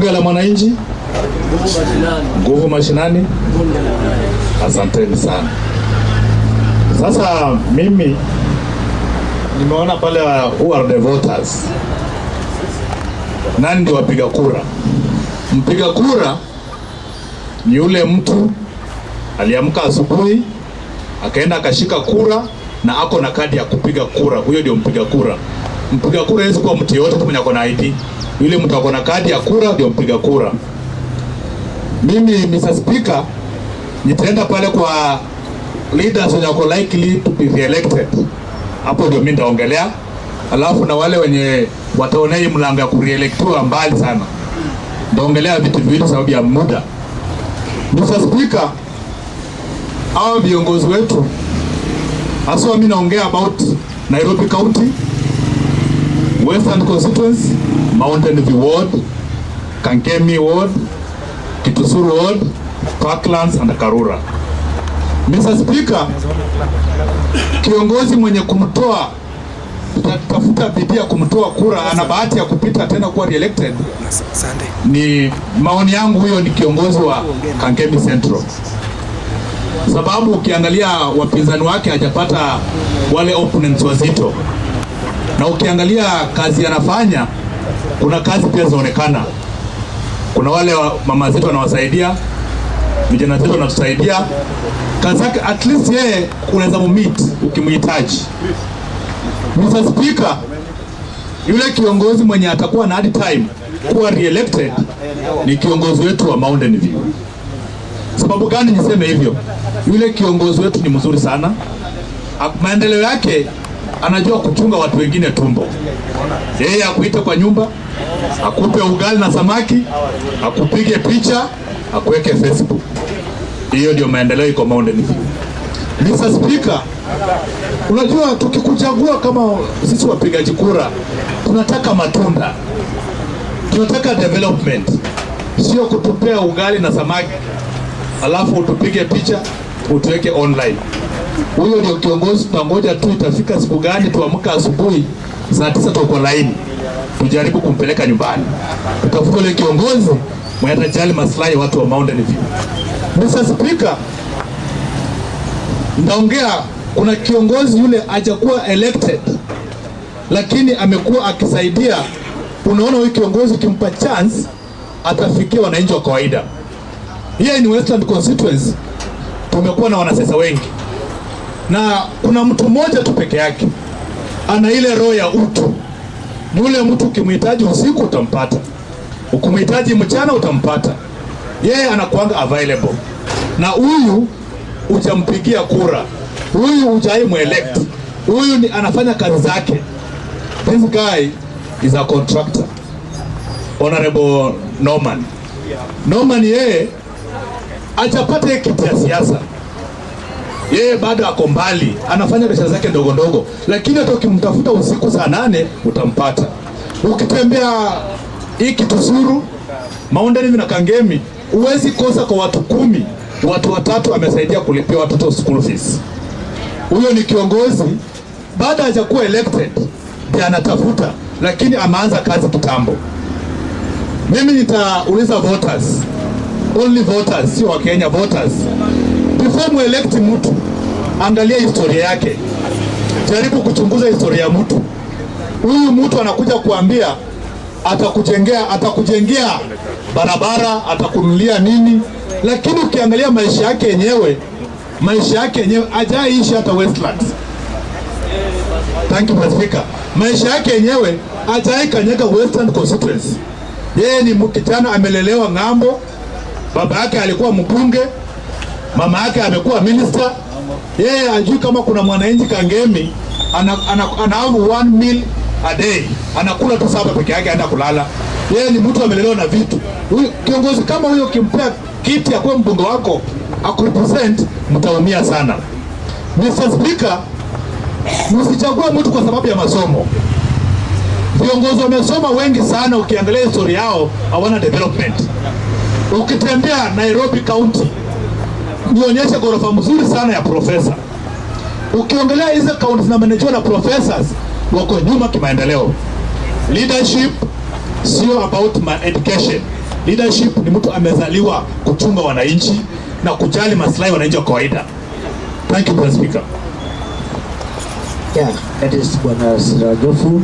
Bunge la Mwananchi, nguvu mashinani. Asanteni sana. Sasa mimi nimeona pale uh, who are the voters, nani ndio wapiga kura? Mpiga kura ni yule mtu aliamka asubuhi akaenda akashika kura na ako na kadi ya kupiga kura, huyo ndio mpiga kura. Mpiga kura hawezi kuwa mtu yote tu mwenye ako na ID. Yule mtu ako na kadi ya kura ndio mpiga kura. Mimi Mr. Speaker nitaenda pale kwa leaders wenye wako likely to be re elected. Hapo ndio mimi nitaongelea. Alafu na wale wenye wataona hii mlango ya kureelectiwa mbali sana. Nitaongelea vitu viwili sababu ya muda. Mr. Speaker, hao viongozi wetu, hasa mimi naongea about Nairobi County Western constituents, Mountain View Ward, Kankemi Ward, Kitusuru Ward, Parklands and Karura. Mr. Speaker, kiongozi mwenye kumtoa tafuta bidii ya kumtoa kura, ana bahati ya kupita tena kuwa reelected. Ni maoni yangu, huyo ni kiongozi wa Kankemi Central, sababu ukiangalia wapinzani wake hajapata wale opponents wazito na ukiangalia kazi anafanya, kuna kazi pia zinaonekana. Kuna wale wa mama zetu wanawasaidia, vijana zetu wanatusaidia kazi yake, at least yeye unaweza mumit ukimhitaji. Mr. Speaker, yule kiongozi mwenye atakuwa na hard time kuwa reelected ni kiongozi wetu wa Mountain View. Sababu gani niseme hivyo? Yule kiongozi wetu ni mzuri sana, maendeleo yake anajua kuchunga watu wengine tumbo. Yeye akuite kwa nyumba, akupe ugali na samaki, akupige picha, akuweke Facebook. Hiyo ndio maendeleo iko Mountain View. Mr. Speaker, unajua tukikuchagua kama sisi wapigaji kura, tunataka matunda, tunataka development, sio kutupea ugali na samaki alafu utupige picha utuweke online. Huyo ndio kiongozi. Tunangoja tu itafika siku gani, tuamka asubuhi saa tisa tuko laini, tujaribu kumpeleka nyumbani, tutafuta yule kiongozi mwenye atajali maslahi watu wa Mountain View. Mr. Speaker, ndaongea kuna kiongozi yule hajakuwa elected lakini amekuwa akisaidia. Unaona, huyu kiongozi ukimpa chance atafikia wananchi wa kawaida. Hii ni Western constituency, tumekuwa na wanasiasa wengi na kuna mtu mmoja tu peke yake ana ile roho ya utu. Yule mtu ukimhitaji usiku utampata, ukimhitaji mchana utampata, yeye anakuanga available. Na huyu ujampigia kura, huyu mwelect, huyu ni anafanya kazi zake. This guy is a contractor. Honorable Norman Norman, yeye ajapata kiti ya siasa yeye bado ako mbali, anafanya biashara zake ndogo ndogo, lakini hata ukimtafuta usiku saa nane utampata. Ukitembea hii Kituzuru Maunda hivi na Kangemi, huwezi kosa kwa watu kumi, watu watatu amesaidia kulipia watoto school fees. Huyo ni kiongozi baada hajakuwa elected ndiye anatafuta, lakini ameanza kazi kitambo. Mimi nitauliza voters, only voters, sio Wakenya voters before muelekti mtu, angalia historia yake, jaribu kuchunguza historia ya mtu huyu. Mtu anakuja kuambia atakujengea, atakujengea barabara, atakunulia nini, lakini ukiangalia maisha yake yenyewe, maisha yake yenyewe ajaishi hata Westlands. Thank you Pasifika. Maisha yake yenyewe ajaikanyega Western constituency. Yeye ni kijana amelelewa ng'ambo, baba yake alikuwa mbunge mama yake amekuwa minister yeye yeah, ajui kama kuna mwananchi Kangemi ana, ana, one meal a day anakula tu saba peke yake, aenda kulala. Yeye yeah, ni mtu amelelewa na vitu. Huyu kiongozi kama huyo ukimpea kiti akuwe mbunge wako akurepresent, mtaumia sana. Mr. Speaker, msichague mtu kwa sababu ya masomo. Viongozi wamesoma wengi sana, ukiangalia historia yao hawana development. Ukitembea Nairobi County nionyeshe ghorofa mzuri sana ya profesa. Ukiongelea hizo kaunti zinamanajiwa na professors, wako nyuma kimaendeleo. Leadership sio about my education. Leadership ni mtu amezaliwa kuchunga wananchi na kujali maslahi wananchi wa kawaida. Thank you, Mr. Speaker. Yeah, that is Bwana Sirajofu.